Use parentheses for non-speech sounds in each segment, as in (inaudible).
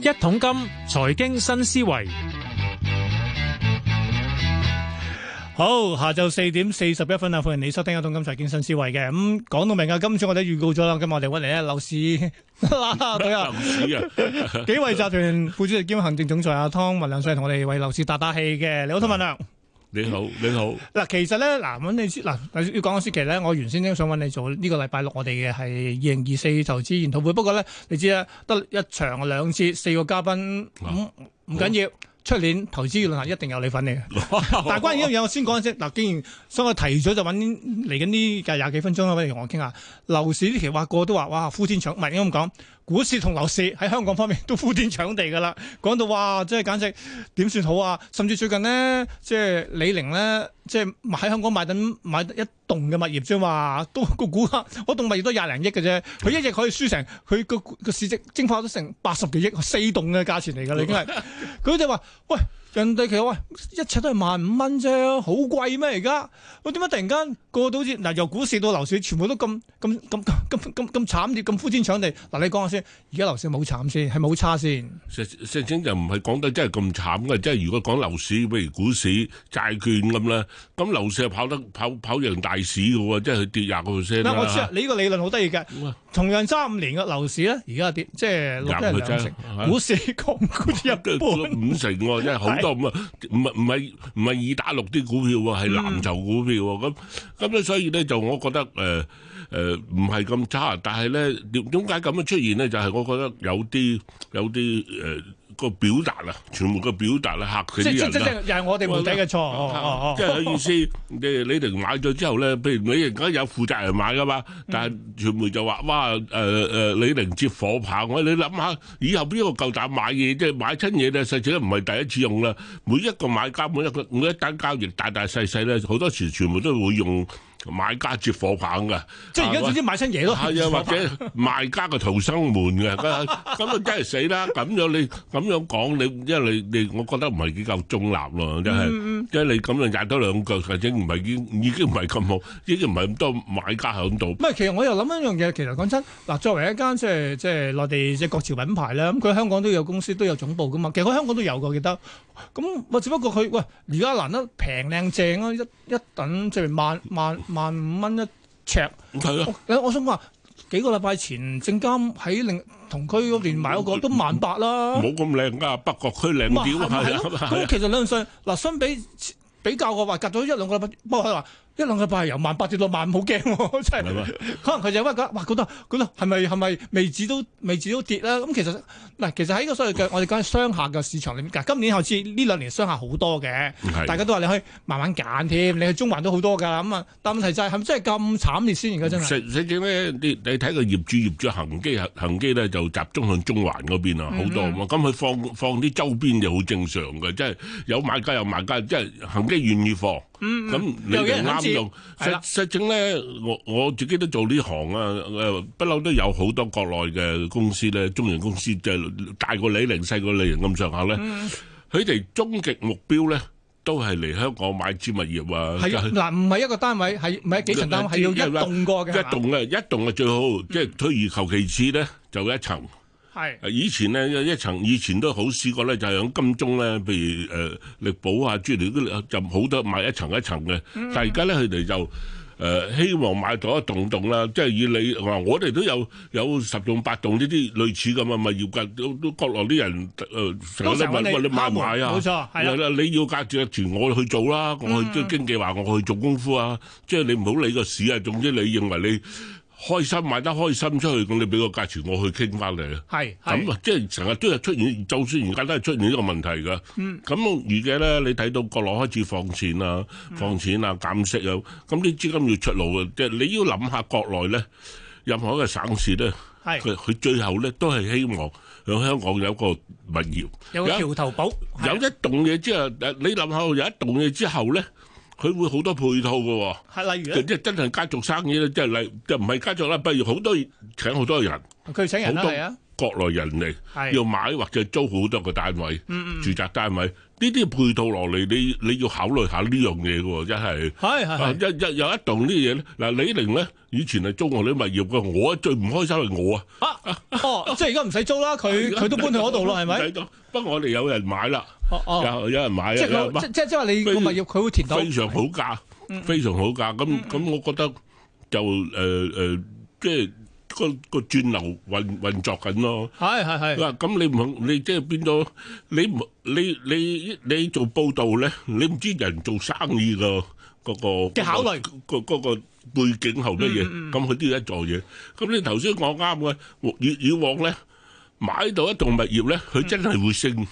一桶金財經新思維，好，下晝四點四十一分啊！歡迎你收聽一桶金財經新思維嘅。咁講到明啊！今朝我哋預告咗啦，咁我哋搵嚟咧樓市啊， (laughs) 幾位集團副主席兼行政總裁阿湯文亮上嚟同我哋為樓市打打氣嘅，你好，嗯，湯文亮。你好，你好。嗱，其實咧，嗱，揾你嗱，要講阿薛奇咧，我原先都想揾你做呢個禮拜六我哋嘅係二零二四投資研討會。不過咧，你知啦，得一場兩次、四個嘉賓，咁唔緊要。出年投資論壇一定有你份嚟嘅。哇 (laughs) 但係關於呢樣嘢，我先講先。嗱，既然所以我提早，就揾嚟緊呢，計廿幾分鐘啊，不如同我傾下樓市呢期話過都話，哇，呼天搶，唔係，應該咁講。股市同樓市喺香港方面都呼天搶地㗎喇，講到話即係簡直點算好啊！甚至最近呢，即係李寧呢，即係喺香港買緊買一棟嘅物業啫嘛，都個股價嗰棟物業都廿零億嘅啫，佢一日可以輸成佢個個市值蒸發咗成八十幾億，四棟嘅價錢嚟㗎喇，你已經係佢哋話喂。人哋其實喂，一切都係萬五蚊啫，好貴咩而家？我點解突然間過到好似嗱，由股市到樓市，全部都咁咁咁咁咁咁慘烈，咁呼天搶地嗱？你講下先，而家樓市係咪好慘先？係咪好差先？石青就唔係講得真係咁慘嘅，即係如果講樓市，譬如股市、債券咁啦。咁樓市係跑得跑跑贏大市嘅喎，即係佢跌廿個 percent。嗱，我知呀你呢個理論好得意嘅，同樣三五年嘅樓市咧，而家跌，即係兩成。吧股市降一半，五成真係好。多唔係唔係唔係唔係二打六啲股票喎，係藍籌股票喎，咁咁咧，所以咧就我覺得誒誒唔係咁差，但係咧點點解咁樣出現咧，就係、是、我覺得有啲有啲誒。呃個表達啦，傳媒個表達啦，嚇死啲人啦！又係我哋媒體嘅錯，即係我、哦哦、意思，你你哋買咗之後咧，譬如你而家有負責人買噶嘛，但係傳媒就話，哇，誒、呃、誒，李、呃、寧接火炮。」我你諗下，以後邊個夠膽買嘢？即係買親嘢咧，實際都唔係第一次用啦。每一個買家，每一個每一單交易，大大細細咧，好多時全部都會用。買家接火棒嘅，即係而家總之買新嘢咯，係啊，或者賣家嘅逃生門嘅，咁啊梗係死啦！咁樣你咁樣講你，因為你你，我覺得唔係幾夠中立咯，真係，即係你咁樣踩多兩腳，或者唔係已已經唔係咁好，已經唔係咁多買家響度。唔係，其實我又諗一樣嘢，其實講真嗱，作為一間即係即係內地即係國潮品牌咧，咁佢香港都有公司都有總部噶嘛，其實佢香港都有嘅，記得。咁我只不過佢喂，而家難得平靚正啊，一一等即係萬萬。萬五蚊一尺，係咯的。我我想話幾個禮拜前，證監喺另同區嗰邊買嗰、那個、嗯、都萬八啦。冇咁靚㗎，北角區靚啲啊，咁其實兩相嗱，的相比比較嘅話，隔咗一兩個禮拜，不過佢話。一兩個百由萬八跌到萬，五，好驚喎，真係。可能佢就屈覺得，哇，覺得覺得係咪係咪未止都未止到跌啦？咁其實嗱，其實喺個所謂嘅我哋講商下嘅市場裏面，今年好似呢兩年商客好多嘅，大家都話你可以慢慢揀添。你去中環都好多㗎啦，咁啊，但係真咪真係咁慘烈先，而家真係。咩你睇個業主業主恆基恆基咧，就集中向中環嗰邊啊，好多咁。佢放放啲周邊就好正常嘅，即係有買家有買家，即係恆基願意放。嗯用實實情咧，我我自己都做呢行啊！誒，不嬲都有好多國內嘅公司咧，中型公司即係大過李寧、細過李寧咁上下咧。佢哋終極目標咧，都係嚟香港買置物業啊！係啊，嗱，唔係一個單位，係唔係幾層單位？係要一棟過嘅。一棟啊！一棟啊！最好即係退而求其次咧，就一層。係，是以前咧一層，以前都好試過咧，就係、是、用金鐘咧，譬如誒、呃、力寶啊之類，都就好多買一層一層嘅。嗯、但係而家咧，佢哋就誒、呃、希望買多一棟棟啦，即係以你話，我哋都有有十棟八棟呢啲類似咁嘅物業嘅，都都國內啲人誒成、呃、問你，你買唔買啊？冇錯，係，你要隔住個團，我去做啦。我去即係經紀話我去做功夫啊，嗯、即係你唔好理個市啊。總之你認為你，開心買得開心出去，咁你俾個價錢我去傾翻嚟啦。係，咁即係成日都有出現，就算而家都係出現呢個問題㗎。嗯，咁而嘅咧，你睇到國內開始放錢啦、啊，放錢啦、啊，減息啊，咁啲資金要出路嘅，即係你要諗下國內咧，任何一個省市咧，佢佢是最後咧都係希望喺香港有個物業，有個橋頭堡，有一，的有一棟嘢之後，誒你諗下有一棟嘢之後咧。佢會好多配套嘅喎，係例如即係真係家族生意啦，即係例就唔係家族啦，不如好多請好多人，佢請，請人啦，好多啊。國內人嚟要買或者租好多個單位，嗯嗯住宅單位呢啲配套落嚟，你你要考慮下呢樣嘢嘅，真係係係一一有一棟呢嘢咧。嗱，李寧咧以前係租我哋物業嘅，我最唔開心係我啊，啊。哦、啊喔，即係而家唔使租啦，佢佢都搬去嗰度啦，係咪？唔使租。不過我哋有人買啦，啊喔，有人買即有。即係即即係話你個物業佢會填到。非常好價，非常好價。咁咁的， (noise) 我覺得就誒誒，即、呃、係。呃嗯嗯個個轉流運運作緊咯，係係係。嗱咁你唔你即係變咗，你唔你你你，你做報道咧，你唔知人做生意、嗰個嗰個考慮，嗰個嗰、嗰個嗰個、背景後乜嘢，咁佢都要一做嘢，咁你頭先講啱嘅，以以往咧，買到一棟物業咧，佢真係會升。嗯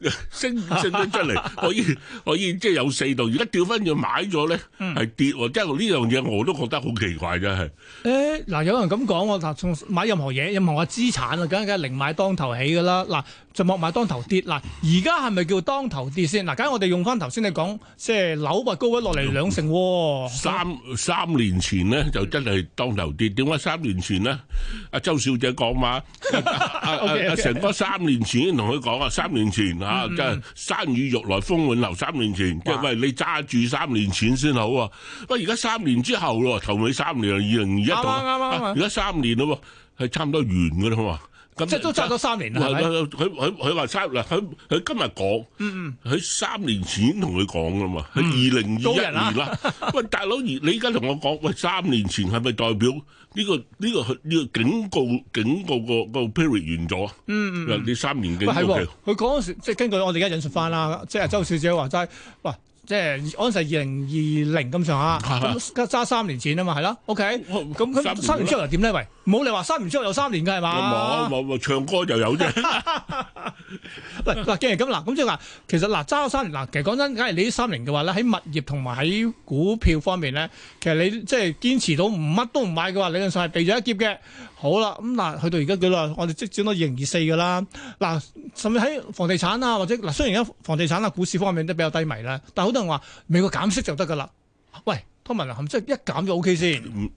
(laughs) 升升咗出嚟，可以，我依即係有四度，而家掉翻轉買咗咧，係跌喎，嗯、即係呢樣嘢我都覺得好奇怪真係。誒，嗱、欸，有人咁講，我嗱，從買任何嘢，任何資產啊，梗係梗係寧買當頭起噶啦，嗱。就莫買當頭跌，嗱，而家係咪叫當頭跌先？嗱，梗係我哋用翻頭先你講，即係樓啊高位落嚟兩成，三三年前咧就真係當頭跌，點解三年前咧？阿周小姐講話，阿阿成哥三年前同佢講啊，三年前啊，真係山雨欲來風滿樓，三年前即係喂，你揸住三年前先好啊，喂而家三年之後咯，頭尾三年啊，二零二一，啱啱啱啊，而家三年咯，係差唔多完噶啦嘛。即係都揸咗三年啦，係啦，佢佢佢話揸嗱，佢佢今日講，嗯嗯，佢三年前同佢講噶嘛，係二零二一年啦。喂，大佬，而你而家同我講，喂，三年前係咪代表呢個呢個呢個警告警告個個 period 完咗啊？嗯嗯，嗱，你三年嘅。喂，係喎，佢講嗰時即係根據我哋而家引述翻啦，即係周小姐話齋，喂，即係嗰陣係二零二零咁上下，係啊，揸三年前啊嘛，係咯，OK，咁三年之後又點咧？喂？冇你話三年之後有三年嘅係嘛？冇冇、啊啊、唱歌就有啫。喂喂，既然咁嗱，咁即係話，其實嗱揸咗三年嗱，其實講真，梗係你呢三年嘅話咧，喺物業同埋喺股票方面咧，其實你即係堅持到唔乜都唔買嘅話，理論上係避咗一劫嘅。好啦，咁、嗯、嗱、啊，去到而家叫做我哋即轉到二零二四㗎啦。嗱、啊，甚至喺房地產啊，或者嗱，雖然而家房地產啊股市方面都比較低迷啦，但係好多人都話美國減息就得㗎啦。喂！通膨含即係一減就 O K 先。嗯，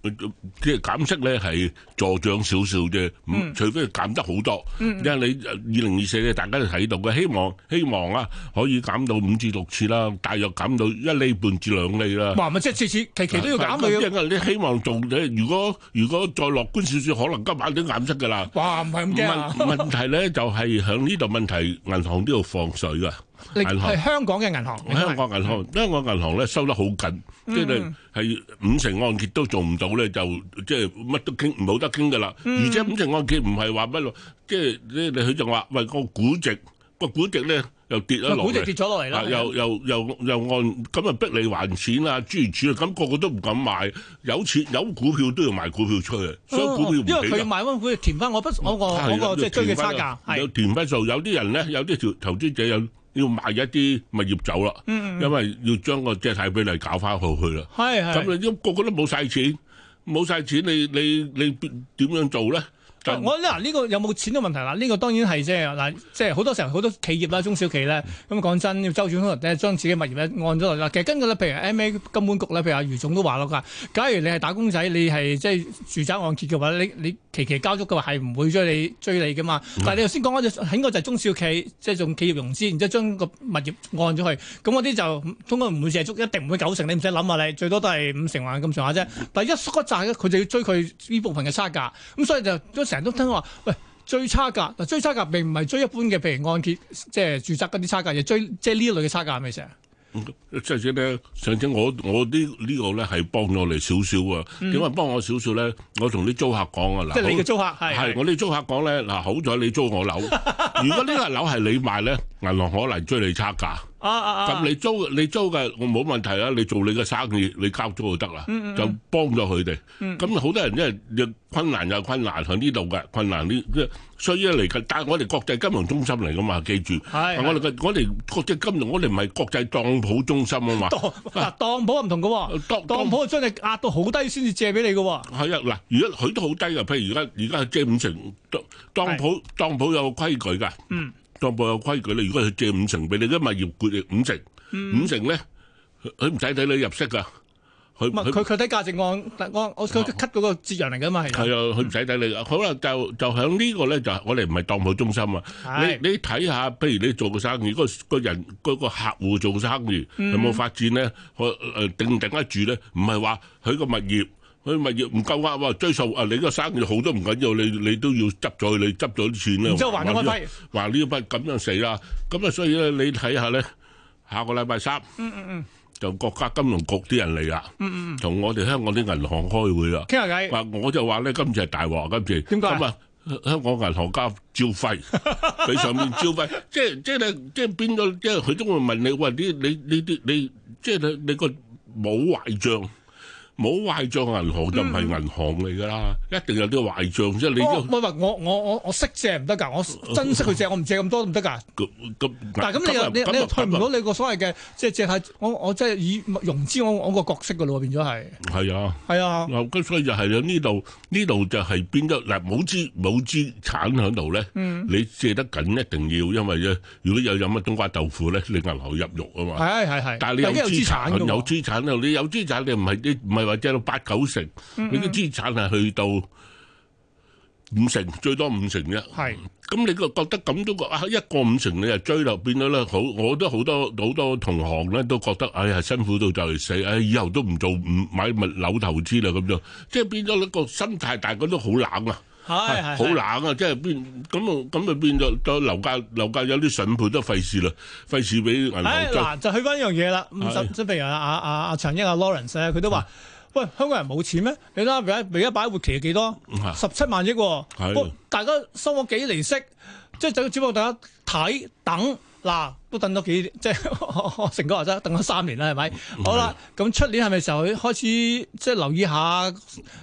即係減息咧，係助漲少少啫。嗯，除非減得好多。嗯，因為你二零二四咧，大家都睇到嘅，希望希望啊，可以減到五至六次啦，大約減到一厘半至兩厘啦。哇！咪即係次次期期都要減嘅。咁啊，你希望做你？如果如果再樂觀少少，可能今晚都減息嘅啦。哇！唔係咁驚。問問題咧，就係響呢度問題， (laughs) 銀行都要放水嘅。係香港嘅銀行，香港銀行，香港銀行咧收得好緊，即係係五成按揭都做唔到咧，就即係乜都傾唔好得傾噶啦。而且五成按揭唔係話乜咯，即係咧，佢就話喂個股值，個股值咧又跌咗落，股值跌咗落嚟啦，又又又又按咁啊，逼你還錢啦，諸如此類，咁個個都唔敢買，有錢有股票都要賣股票出去，所以股票唔俾，因為佢賣翻股填翻我不我個嗰個即係追嘅差價，有填翻數，有啲人咧有啲投資者有。要賣一啲物業走啦，嗯嗯嗯因為要將個借貸比例搞翻好去啦。係係，咁你咁個個都冇晒錢，冇晒錢你，你你你點點樣做咧？但啊、我嗱呢、呢個有冇錢嘅問題啦？呢、呢個當然係即係嗱，即係好多時候好多企業啦、中小企咧，咁講真要周轉，可能咧將自己物業咧按咗落去。其實根據咧，譬如 M A 金管局咧，譬如阿余總都話落㗎。假如你係打工仔，你係即係住宅按揭嘅話，你你期期交足嘅話，係唔會追你追你㗎嘛。但係你頭先講嗰隻應該就中小企即係仲企業融資，然之後將個物業按咗去，咁嗰啲就通過唔會借足，一定唔會九成。你唔使諗下，你最多都係五成或咁上下啫。但係一縮一賺佢就要追佢呢部分嘅差價，咁所以就。人都聽話，喂，追差價嗱，追差價並唔係追一般嘅，譬如按揭即係住宅嗰啲差價，而追即係呢類嘅差價係咩事啊？即係咩？上次我我啲呢個咧係幫咗我少少啊。點解幫我少少咧？我同啲租客講啊，即係、嗯、好你嘅租客係係我哋租客講咧嗱，好在你租我樓。如果呢個樓係你賣咧，銀行可能追你差價。咁、啊啊啊、你租你租嘅，我冇問題啊！你做你嘅生意，你交租就得啦，嗯嗯嗯就幫咗佢哋。咁好、嗯嗯、多人因、就、係、是、困難又困難喺呢度嘅困難啲，即係所以咧嚟緊。但係我哋國際金融中心嚟噶嘛，記住，是是我哋我哋國際金融，我哋唔係國際當鋪中心啊嘛。當嗱當鋪唔同噶，當當鋪係將你壓到好低先至借俾你噶。係啊嗱，而家佢都好低噶，譬如而家而家借五成。當當鋪當鋪有個規矩噶。嗯。當鋪有規矩咧，如果佢借五成俾你，啲物業攰你五成，嗯、五成咧，佢唔使睇你入息噶。佢佢佢睇價值案，案我佢 cut 嗰個節量嚟噶嘛，係。係啊，佢唔使睇你，好啦就就響呢個咧，就我哋唔係當鋪中心啊。你你睇下，譬如你做個生意，個、嗰個人嗰、嗰個客戶做個生意、嗯、有冇發展咧，佢誒頂唔頂得住咧？唔係話佢個物業。佢物業唔夠啊！哇，追數啊！你個生意好都唔緊要，你你都要執咗，你執咗啲錢咧。之後還咗筆，還呢筆咁樣死啦！咁啊，所以咧，你睇下咧，下個禮拜三，嗯嗯嗯，就國家金融局啲人嚟啦，嗯嗯，同我哋香港啲銀行開會啦，傾下偈。嗱我就話咧，今次係大鑊，今次，點解啊？香港銀行交招費，俾上面招費，即係即係咧，即係變咗，即係佢都會問你，喂，啲你你啲你，即係你你個冇壞帳。冇壞賬嘅銀行就唔係銀行嚟噶啦，一定有啲壞賬啫。你唔係唔係我我我我，我識借唔得噶，我珍惜佢借，我唔借咁多都唔得噶。咁咁、嗯，但係咁你又你退唔到你個所謂嘅，即係借係我我即係以融資我我個角色噶咯，變咗係。係啊，係啊。嗱、啊，咁、啊、所以就係、是、啦，呢度呢度就係變咗嗱冇資冇資產喺度咧，嗯、你借得緊一定要，因為，因為如果有任乜冬瓜豆腐咧，你銀行入肉啊嘛。係係係，但係你有資產，啊是啊是是啊、是有資產咧，你有資產你唔係你唔係。或者到八九成，你啲資產係去到五成，最多五成啫。係咁你個覺得咁都個啊一個五成你就追落變咗咧，好我都好多好多同行咧都覺得哎呀辛苦到就嚟死，哎以後都唔做唔買物樓投資啦咁樣。即係變咗一個心態，大家都好冷啊，係係好冷啊，即係變咁啊咁啊變咗個樓價樓價有啲筍盤都費事啦，費事俾銀行。哎嗱，就去翻一樣嘢啦。咁就即係譬如阿阿阿長英阿 Lawrence 咧，佢都話。喂，香港人冇錢咩？你睇下，而家而家擺活期幾多？十七萬億、哦的，大家收咗幾釐息？即係整個主播大家睇等嗱。都等多幾即係成個話齋，等咗三年啦，係咪？好啦，咁出年係咪時候開始即係留意下，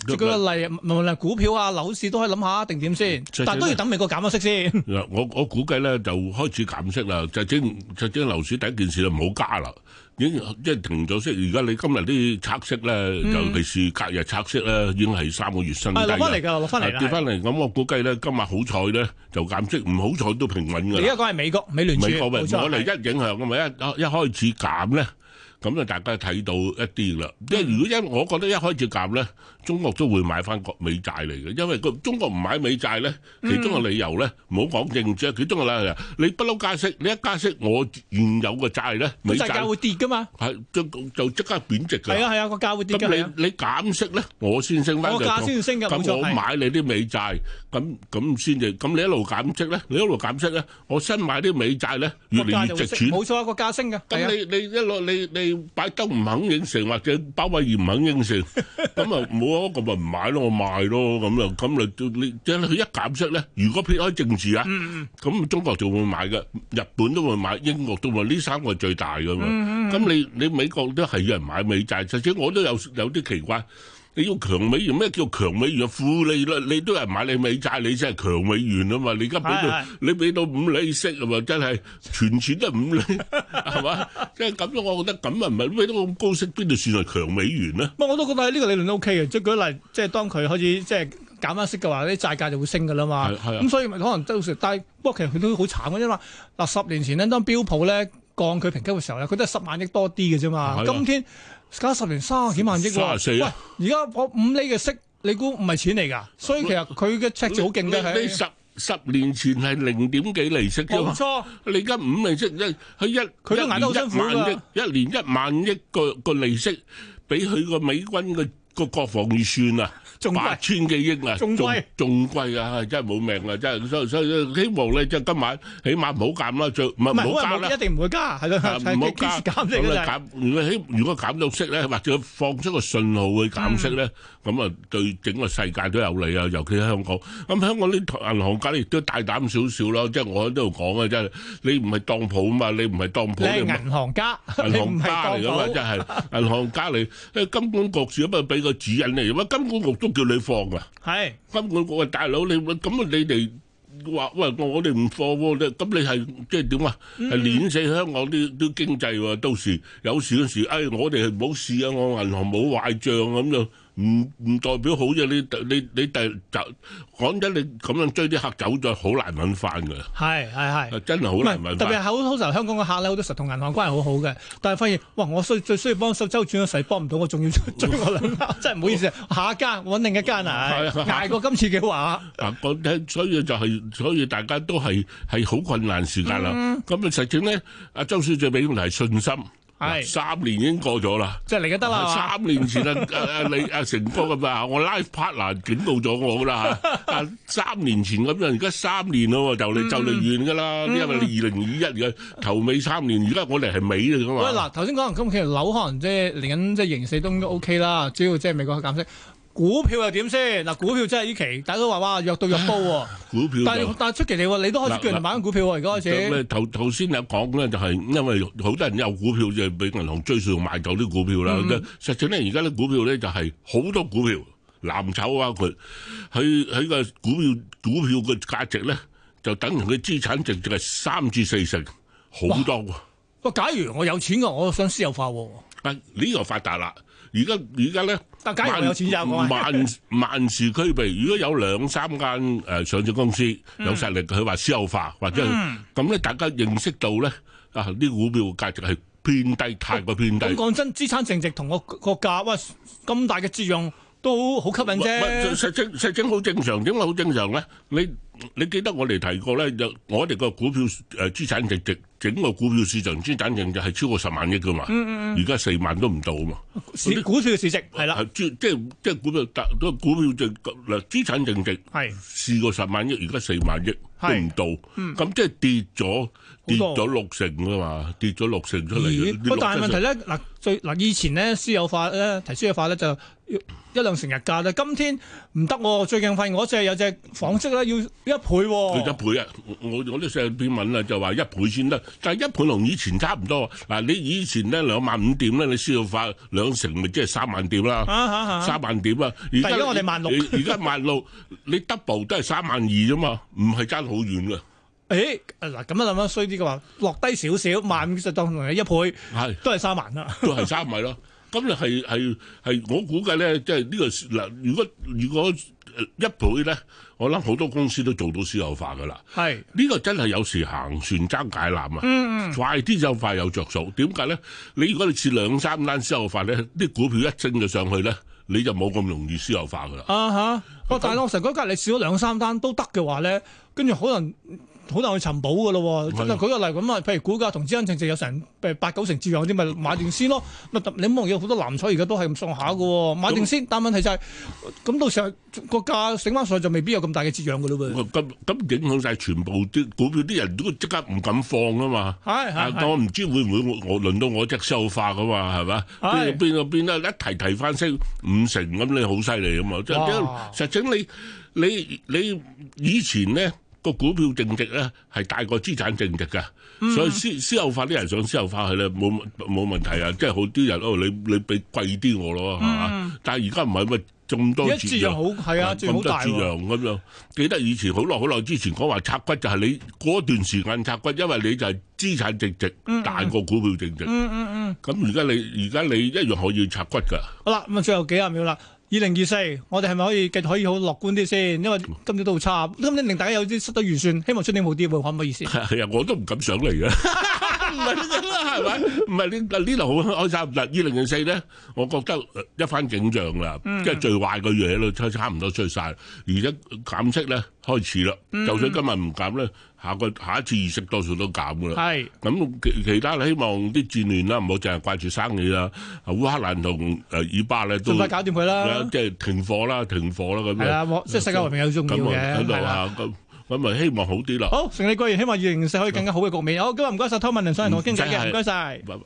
舉個例，唔係唔係股票啊、樓市都可以諗下定點先，但係都要等美國減咗息先。我我估計咧就開始減息啦，就即係即係樓市第一件事就唔好加啦，已經即係停咗息。而家你今日啲測息咧，尤其是隔日測息咧，已經係三個月新低落翻嚟㗎，落翻嚟跌翻嚟。咁我估計咧，今日好彩咧就減息，唔好彩都平穩㗎。你而家講係美國美聯儲冇錯。一影響㗎嘛，一一開始減咧。咁就大家睇到一啲啦。即係如果一，我覺得一開始減咧，中國都會買翻國美債嚟嘅。因為個中國唔買美債咧，其中嘅理由咧，唔好講政治啊。其中嘅理由，你不嬲加息，你一加息，我原有嘅債咧，美債會跌㗎嘛。係，就就即刻貶值㗎。係啊係啊，個價會跌㗎。你你減息咧，我先升翻。我價先要升嘅，冇錯係。咁我買你啲美債，咁咁先至。咁你一路減息咧，你一路減息咧，我新買啲美債咧，越嚟越值錢。冇錯，一個價升嘅。咁你你一攞你你。拜登唔肯應承，或者鮑威爾唔肯應承，咁啊冇啊，咁咪唔買咯，我賣咯，咁啊，咁啊，你即係佢一減息咧，如果撇開政治啊，咁中國就會買嘅，日本都會買，英國都會買，呢三個係最大嘅嘛。咁你你美國都係有人買美債，甚至我都有有啲奇怪。你要強美元，咩叫強美元啊？負利率你都係買你美債，你真係強美元啊嘛！你而家俾到是是你俾到五厘息啊嘛，真係存錢都係五厘，係嘛？ (laughs) 即係咁樣，我覺得咁又唔係俾到咁高息，邊度算係強美元咧？不過我都覺得呢個理論都 O K 嘅。即係舉例，即係當佢開始即係減翻息嘅話，啲債價就會升嘅啦嘛。咁、啊、所以咪可能都。但係不過其實佢都好慘嘅啫嘛。嗱十年前呢，當標普咧降佢評級嘅時候咧，佢都係十萬億多啲嘅啫嘛。今天加十年卅廿幾萬億喎，十四啊、喂！而家我五厘嘅息，你估唔係錢嚟噶？所以其實佢嘅赤字好勁嘅。你十十年前係零點幾利息啫嘛。哦、冇錯你而家五釐息，一佢一佢都捱到辛苦㗎。一年一萬億，一年一萬億個個利息，畀佢個美軍嘅個國防預算啊！八千幾億啊，仲貴，仲貴啊，係真係冇命啊，真係，所以所以希望咧，即係今晚起碼唔好減啦，最唔係唔好加啦，一定唔會加，係咯，唔好減減息啦。如果起如果減到息咧，或者放出個信號去減息咧，咁啊對整個世界都有利啊，尤其喺香港。咁香港啲銀行家咧亦都大膽少少啦，即係我喺呢度講啊，真係你唔係當鋪啊嘛，你唔係當鋪，你係銀行家，銀行家嚟噶嘛，真係銀行家嚟，金管局只不過係俾個主人嚟，如果金管局都叫你放啊！係是，今我個大佬，你咁啊，你哋話喂，我哋唔放喎，咁你係即係點啊？係碾、嗯、死香港啲啲經濟喎，到時有事嗰時，哎，我哋係冇事啊，我銀行冇壞帳咁就。唔唔代表好嘅，你你你第走，講真，你咁樣追啲客走咗，好難揾翻嘅。係係係，真係好難揾。特別係好多時候，香港嘅客咧，好多實同銀行關係好好嘅，但係發現哇，我需最,最需要幫手周轉嘅時幫唔到，我仲要追我兩真係唔好意思， (laughs) 我下一間揾另一間啊，捱 (laughs) 過今次嘅話。嗱、啊，講所以就係、是，所以大家都係係好困難時間啦。咁啊、嗯，實證咧，阿周小姐俾我哋信心。係是三年已經過咗啦，即係嚟嘅得啦。三年前啊，阿阿阿成哥咁啊，我 live partner 警告咗我啦吓。三年前咁樣，而家三年啦，就嚟就嚟完噶啦。因為二零二一年嘅頭尾三年，而家我嚟係尾嚟噶嘛。喂，嗱、呃，頭先講咁其實樓可能即係嚟緊，即係形勢都應該 O K 啦，主要即係美國去減息。股票又點先嗱？股票真係呢期，大家都話哇，越到入煲。 (laughs) 股票的但，但但係出奇嚟，你都開始叫人買緊股票喎，而家、啊、開始。咁頭頭先你講咧，就係因為好多人有股票就係俾銀行追數賣走啲股票啦。嗯、實際咧，而家啲股票咧就係好多股票藍籌啊，佢喺喺個股票股票嘅價值咧，就等於佢資產淨值係三至四成，好多。不過假如我有錢嘅，我想私有化。啊，呢個、啊、發達啦。而家而家咧，大家有錢有萬萬事俱備，如果有兩三間誒上市公司有實力，佢話私有化或者咁咧，大家認識到咧，啊啲股票價值係偏低，太過偏低。講真，資產淨值同個個價，喂咁大嘅折讓都好吸引啫。實情實情好正常，點解好正常咧？你？你記得我哋提過咧？就我哋個股票誒、呃、資產淨值整個股票市場資產淨值係超過十萬億㗎嘛？嗯嗯，而家四萬都唔到啊嘛！是股票市值係啦，即即即股票達個股票淨嗱資產淨值係是試過十萬億，而家四萬億都唔到，咁、嗯、即係跌咗。跌咗六成㗎嘛，跌咗六成出嚟。唔咦，咦但係問題咧，嗱 (laughs) 最嗱以前咧私有化咧提私有化咧就要一,一兩成日價咧。今天唔得喎，最近發現我隻有隻仿質咧要一倍。要一倍啊！我我啲寫篇文啦，就話一倍先得。但係一倍同以前差唔多。嗱，你以前咧兩萬五點咧，你私有化兩成，咪即係三萬點啦。三萬點啊！但係而家我哋萬六，而家萬六，你 double 都係三萬二啫嘛，唔係爭好遠嘅。誒嗱咁樣咁樣衰啲嘅話，落低少少萬五就當同你一倍，係都係三萬啦，都係三萬咯。咁你係係係我估計咧，即係呢個嗱，如果如果一倍咧，我諗好多公司都做到私有化嘅啦。係呢個真係有時行船爭解纜啊！嗯嗯，快啲就快有着數。點解咧？你如果你試兩三單私有化咧，啲股票一升就上去咧，你就冇咁容易私有化嘅啦。啊嚇！我但係我成日覺得你試咗兩三單都得嘅話咧，跟住可能。好難去尋寶嘅咯，真係舉個例咁啊，譬如股價同資產淨值有成譬如八九成折讓嗰啲，咪買定先咯。你唔好忘記，好多藍籌，而家都係咁上下嘅，買定先。但係問題就係、是，咁、嗯、到時候個價醒翻上就未必有咁大嘅折讓嘅嘞噃。咁咁影響晒全部啲股票啲人都即刻唔敢放啊嘛。但我唔知會唔會我輪到我即收發啊嘛，係嘛？邊邊度啦？一提提翻升五成咁、啊，你好犀利啊嘛！即整你你你以前咧。個股票淨值咧係大過資產淨值嘅，嗯、所以私私有化啲人想私有化去咧冇冇問題啊！即係好啲人哦，你你俾貴啲我咯，係嘛、嗯？但係而家唔係咪咁多？一注又好，係啊，注好、啊、大、啊嗯。記得以前好耐好耐之前講話拆骨就係你嗰段時間拆骨，因為你就係資產淨值、嗯、大過股票淨值。嗯嗯嗯。咁而家你而家你，你一樣可以拆骨噶。嗯、好啦的，咁啊的，最後幾十秒啦。二零二四，我哋係咪可以繼續可以好樂觀啲先？因為今日都好差，今日令大家有啲失咗預算。希望出年好啲喎，可唔可以先？係啊，我都唔敢上嚟嘅，唔係呢個啦，係咪？唔係呢？呢輪好開心，但係二零二四咧，我覺得一番景象啦，即係最壞嘅嘢都差差唔多衰晒，而且減息咧開始啦，就算今日唔減咧。下個下一次議息多數都減噶啦，咁其其他希望啲戰亂啦，唔好淨係掛住生意啦。烏克蘭同誒以巴咧都快搞掂佢啦，即係停火啦，停火啦咁。係啦，即係世界和平又重要嘅，係啊，咁咁咪希望好啲啦。好，順利過完，希望二零二四可以更加好嘅局面。好，今日唔該曬湯文亮先同我傾偈嘅，唔該曬。